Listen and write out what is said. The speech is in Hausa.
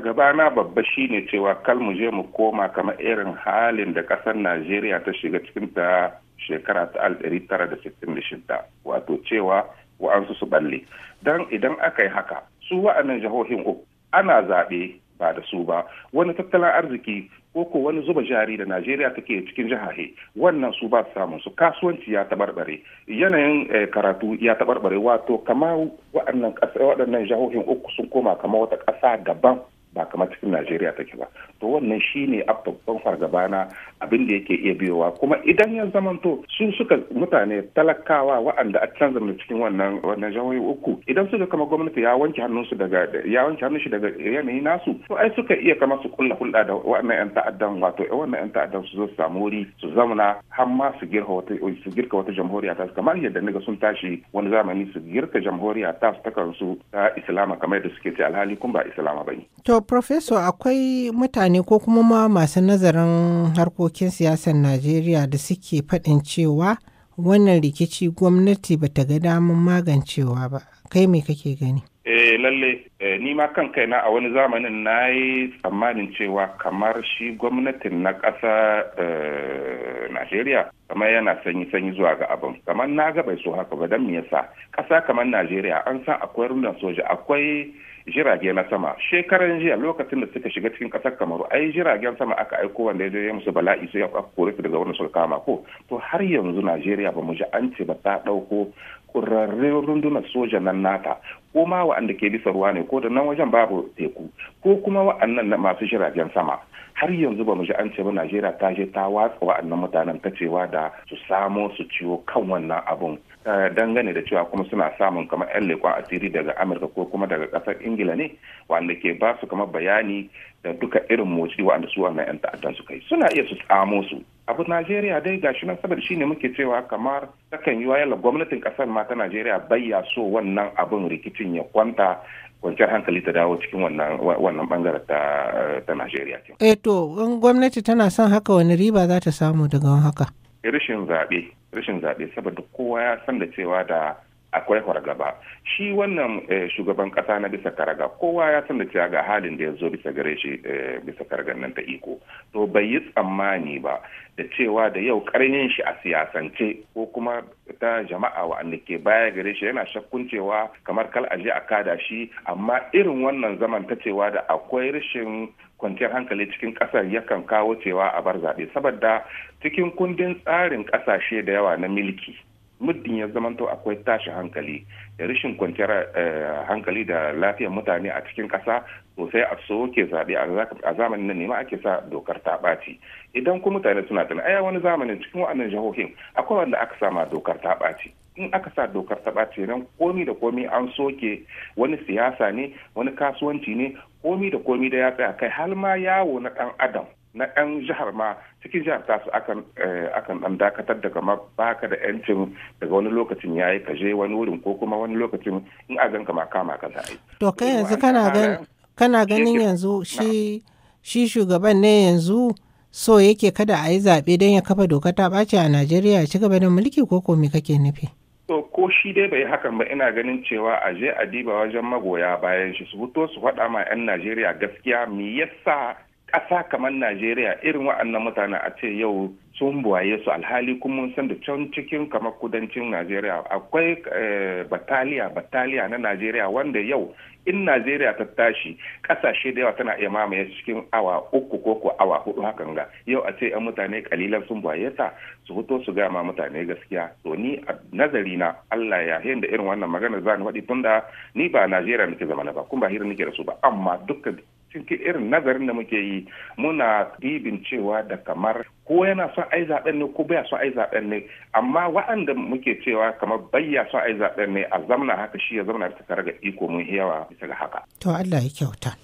gabana babba shine cewa kal mu je mu koma kamar irin halin da kasar najeriya ta shiga cikin ta shekara ta shidda wato cewa wa'ansu su balle dan idan aka yi haka su wa'annan jihohin uku ana zaɓe ba da su ba wani tattalin arziki ko ko wani zuba jari da najeriya take cikin jihahe wannan su ba samun su kasuwanci ya tabarbare yanayin eh, karatu ya tabarbare wato kama waɗannan jihohin uku sun koma kama wata ƙasa daban ba kamar cikin najeriya take ba to wannan shi ne a babban fargaba na abin da yake iya biyowa kuma idan ya zamanto su suka mutane talakawa waɗanda a can cikin wannan wannan jihohi uku idan suka kama gwamnati ya wanke su daga ya wanke hannun shi daga yanayi nasu to ai suka iya kama su kulla hulɗa da wannan yan ta'addan wato wannan yan ta'addan su zo su samu wuri su zamana har ma su girka wata su girka wata jamhuriya ta kamar yadda niga sun tashi wani zamani su girka jamhuriya ta su ta kansu ta islama kamar yadda suke ce alhali kun ba islama bane to To, Professor akwai mutane ko kuma ma masu nazarin harkokin siyasar Najeriya da suke faɗin cewa wannan rikici gwamnati ba ta ga damun magancewa ba. Kai me kake gani? Eh lalle, eh, ni ma kan kaina a wani zamanin na yi tsammanin cewa kamar shi gwamnatin na ƙasa eh, Najeriya kamar yana sanyi-sanyi zuwa ga abin kamar na ga bai so haka ba don me yasa ƙasa kamar Najeriya an san akwai rundunar soja akwai jirage na sama shekaran jiya lokacin da suka shiga cikin kasar kamaru ai jiragen sama aka aiko wanda ya zai musu bala'i sai aka kore su daga wani sulka kama ko to har yanzu najeriya ba mu ji an ce ba ta ɗauko ƙurarren rundunar soja nan nata ko ma wa'anda ke bisa ruwa ne ko da nan wajen babu teku ko kuma wa'annan na masu jiragen sama har yanzu ba mu ji an ce ba Najeriya ta je ta watsa wa'annan mutanen ta cewa da su samo su ciwo kan wannan abun eh, dangane da cewa kuma suna samun kamar 'yan leƙon asiri daga Amurka ko kuma daga kasar Ingila ne wanda ke ba su kamar bayani da duka irin motsi wa'anda su wannan 'yan ta'addan su kai suna iya su samo su abu najeriya dai gashi nan saboda shine muke cewa kamar takan yi wayala gwamnatin kasar ma ta najeriya ya so wannan abin rikicin ya kwanta kwanciyar hankali ta dawo cikin wannan bangare ta najeriya eh to gwamnati tana son haka wani riba za ta samu daga haka rashin zaɓe rashin zaɓe saboda kowa ya san da cewa da akwai fargaba shi wannan eh, shugaban kasa na bisa karga kowa ya san da cewa ga halin da ya zo bisa gare shi eh, bisa nan ta iko to bai yi tsammani ba da cewa da yau karnin shi a siyasance ko kuma ta jama'a wa'anda ke baya gare shi yana shakkun cewa kamar kal aje a kada shi amma irin wannan zaman ta cewa da akwai rashin kwanciyar hankali cikin kasar yakan kawo cewa a bar zaɓe saboda cikin kundin tsarin ƙasashe da yawa na milki muddin ya zamanto akwai tashi hankali da rashin kwanciyar eh, hankali da lafiyar mutane a cikin kasa sosai a soke zaɓe a zamanin nan ne ma ake sa dokar ta ɓaci idan ku mutane suna tana aya wani zamanin cikin waɗannan jihohin akwai wanda aka sama dokar ta ɓaci in aka sa dokar ta ɓaci nan komi da komi an soke wani siyasa ne wani kasuwanci ne komi da komi da ya tsaya kai har ma yawo na ɗan adam na 'yan jihar ma cikin jihar tasu akan eh, akan dan dakatar da kamar baka da 'yancin daga wani lokacin ya yi kaje wani wurin ko kuma wani lokacin in a ganka ma kama ka za to kai eh, yanzu kana ganin yanzu shi shugaban ne yanzu so yake kada a yi zaɓe don ya kafa doka ta ɓaci a najeriya ci gaba da mulki ko ko me kake nufi to ko shi dai bai hakan ba ina ganin cewa a je a diba wajen magoya bayan shi su fito su faɗa ma 'yan najeriya gaskiya me yasa ƙasa kamar Najeriya irin wa'annan mutane a ce yau sun buwaye su alhali kuma mun san da can cikin kamar kudancin Najeriya akwai eh, bataliya bataliya na Najeriya wanda yau in Najeriya ta tashi ƙasashe da yawa tana iya mamaye cikin awa uku ko ko awa hudu hakan ga yau a ce 'yan mutane kalilan sun buwaye ta su fito su gaya ma mutane gaskiya to ni a nazari na Allah ya yayin da irin wannan magana zan faɗi tunda ni ba Najeriya nake zama na ba kuma ba hira nake da su ba amma dukkan cikin irin nazarin da muke yi muna ɗibin cewa da kamar ko yana son ai zaben ne ko baya son ai zaben ne amma waɗanda muke cewa kamar bayya son ai zaɓen ne a zamna haka shi ya zamna ta ga iko mun yawa bisa ga haka to Allah ya kyauta